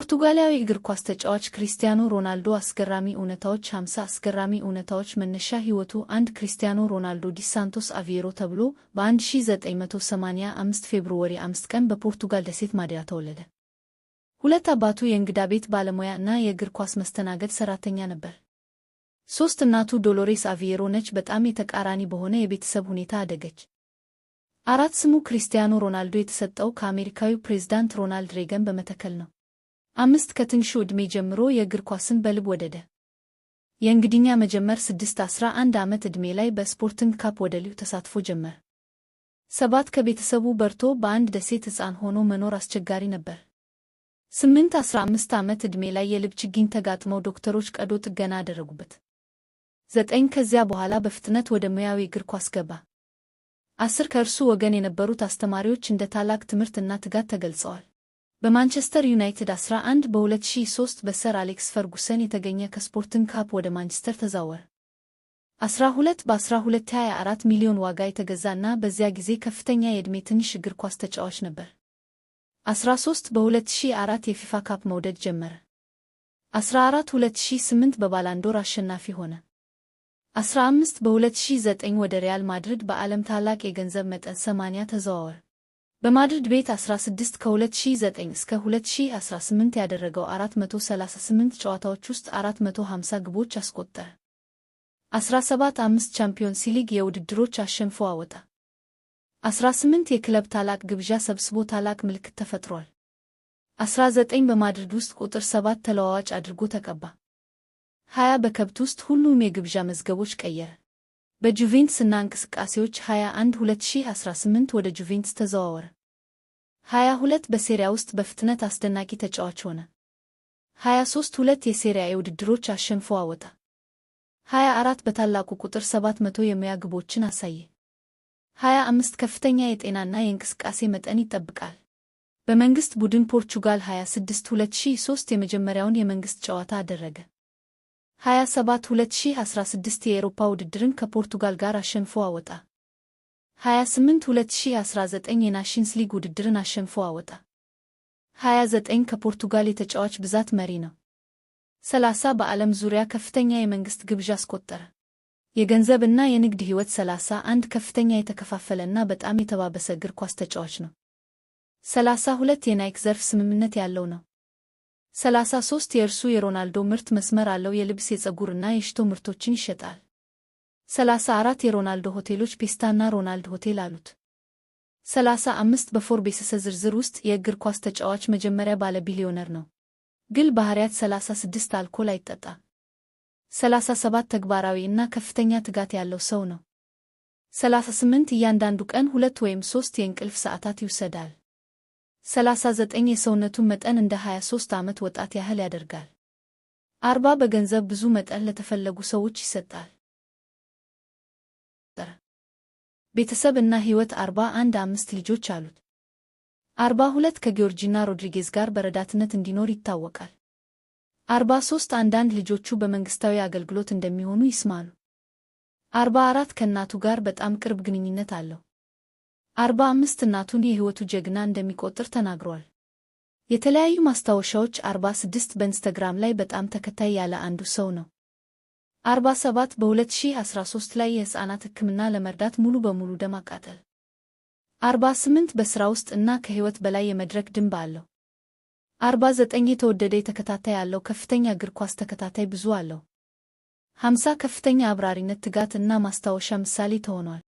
ፖርቱጋላዊ እግር ኳስ ተጫዋች ክሪስቲያኖ ሮናልዶ አስገራሚ እውነታዎች 50 አስገራሚ እውነታዎች መነሻ ሕይወቱ አንድ ክሪስቲያኖ ሮናልዶ ዲሳንቶስ አቪየሮ ተብሎ በ1985 ፌብሩዋሪ 5 ቀን በፖርቱጋል ደሴት ማዲያ ተወለደ። ሁለት አባቱ የእንግዳ ቤት ባለሙያ እና የእግር ኳስ መስተናገድ ሠራተኛ ነበር። ሦስት እናቱ ዶሎሬስ አቪዬሮ ነች። በጣም የተቃራኒ በሆነ የቤተሰብ ሁኔታ አደገች። አራት ስሙ ክሪስቲያኖ ሮናልዶ የተሰጠው ከአሜሪካዊው ፕሬዝዳንት ሮናልድ ሬገን በመተከል ነው። አምስት ከትንሹ ዕድሜ ጀምሮ የእግር ኳስን በልብ ወደደ። የእንግዲኛ መጀመር ስድስት አስራ አንድ ዓመት ዕድሜ ላይ በስፖርቲንግ ካፕ ወደሊው ተሳትፎ ጀመር። ሰባት ከቤተሰቡ በርቶ በአንድ ደሴት ሕፃን ሆኖ መኖር አስቸጋሪ ነበር። ስምንት ዓመት ዕድሜ ላይ የልብ ችግኝ ተጋጥመው ዶክተሮች ቀዶ ጥገና አደረጉበት። ዘጠኝ ከዚያ በኋላ በፍጥነት ወደ ሙያዊ እግር ኳስ ገባ። አስር ከእርሱ ወገን የነበሩት አስተማሪዎች እንደ ታላቅ ትምህርትና ትጋት ተገልጸዋል። በማንቸስተር ዩናይትድ 11 በ2003 በሰር አሌክስ ፈርጉሰን የተገኘ ከስፖርቲንግ ካፕ ወደ ማንቸስተር ተዛወረ። 12 በ1224 ሚሊዮን ዋጋ የተገዛና በዚያ ጊዜ ከፍተኛ የዕድሜ ትንሽ እግር ኳስ ተጫዋች ነበር። 13 በ2004 የፊፋ ካፕ መውደድ ጀመረ። 14 2008 በባላንዶር አሸናፊ ሆነ። 15 በ2009 ወደ ሪያል ማድሪድ በዓለም ታላቅ የገንዘብ መጠን 80 ተዘዋወረ። በማድሪድ ቤት 16 ከ2009 እስከ 2018 ያደረገው 438 ጨዋታዎች ውስጥ 450 ግቦች አስቆጠረ። 17 አምስት ቻምፒዮንስ ሊግ የውድድሮች አሸንፎ አወጣ። 18 የክለብ ታላቅ ግብዣ ሰብስቦ ታላቅ ምልክት ተፈጥሯል። 19 በማድሪድ ውስጥ ቁጥር 7 ተለዋዋጭ አድርጎ ተቀባ። 20 በከብት ውስጥ ሁሉም የግብዣ መዝገቦች ቀየረ። በጁቬንትስ እና እንቅስቃሴዎች 21 2018 ወደ ጁቬንትስ ተዘዋወረ። 22 በሴሪያ ውስጥ በፍጥነት አስደናቂ ተጫዋች ሆነ። 23 ሁለት የሴሪያ የውድድሮች አሸንፎ አወጣ። 24 በታላቁ ቁጥር 700 የሙያ ግቦችን አሳየ። 25 ከፍተኛ የጤናና የእንቅስቃሴ መጠን ይጠብቃል። በመንግሥት ቡድን ፖርቹጋል 26 2003 የመጀመሪያውን የመንግሥት ጨዋታ አደረገ። 27 2016 የአውሮፓ ውድድርን ከፖርቱጋል ጋር አሸንፎ አወጣ። 28 2019 የናሽንስ ሊግ ውድድርን አሸንፎ አወጣ። 29 ከፖርቱጋል የተጫዋች ብዛት መሪ ነው። 30 በዓለም ዙሪያ ከፍተኛ የመንግሥት ግብዣ አስቆጠረ። የገንዘብና የንግድ ሕይወት 31 ከፍተኛ የተከፋፈለና በጣም የተባበሰ እግር ኳስ ተጫዋች ነው። 32 የናይክ ዘርፍ ስምምነት ያለው ነው። 33 የእርሱ የሮናልዶ ምርት መስመር አለው። የልብስ የፀጉርና የሽቶ ምርቶችን ይሸጣል። 34 የሮናልዶ ሆቴሎች ፔስታና ሮናልድ ሆቴል አሉት። 35 በፎርቤስሰ ዝርዝር ውስጥ የእግር ኳስ ተጫዋች መጀመሪያ ባለ ቢሊዮነር ነው። ግል ባህሪያት 36 አልኮል አይጠጣም። 37 ተግባራዊ እና ከፍተኛ ትጋት ያለው ሰው ነው። 38 እያንዳንዱ ቀን ሁለት ወይም ሶስት የእንቅልፍ ሰዓታት ይውሰዳል። 39 የሰውነቱን መጠን እንደ 23 ዓመት ወጣት ያህል ያደርጋል። 40 በገንዘብ ብዙ መጠን ለተፈለጉ ሰዎች ይሰጣል። ቤተሰብ እና ሕይወት 41 አምስት ልጆች አሉት። 42 ከጊዮርጂና ሮድሪጌዝ ጋር በረዳትነት እንዲኖር ይታወቃል። 43 አንዳንድ ልጆቹ በመንግሥታዊ አገልግሎት እንደሚሆኑ ይስማሉ። 44 ከእናቱ ጋር በጣም ቅርብ ግንኙነት አለው። አርባ አምስት እናቱን የሕይወቱ ጀግና እንደሚቆጥር ተናግሯል። የተለያዩ ማስታወሻዎች አርባ ስድስት በኢንስተግራም ላይ በጣም ተከታይ ያለ አንዱ ሰው ነው። አርባ ሰባት በ2013 ላይ የሕፃናት ሕክምና ለመርዳት ሙሉ በሙሉ ደም አቃጠል። አርባ ስምንት በሥራ ውስጥ እና ከሕይወት በላይ የመድረክ ድንብ አለው። አርባ ዘጠኝ የተወደደ የተከታታይ ያለው ከፍተኛ እግር ኳስ ተከታታይ ብዙ አለው። ሀምሳ ከፍተኛ አብራሪነት ትጋት እና ማስታወሻ ምሳሌ ተሆኗል።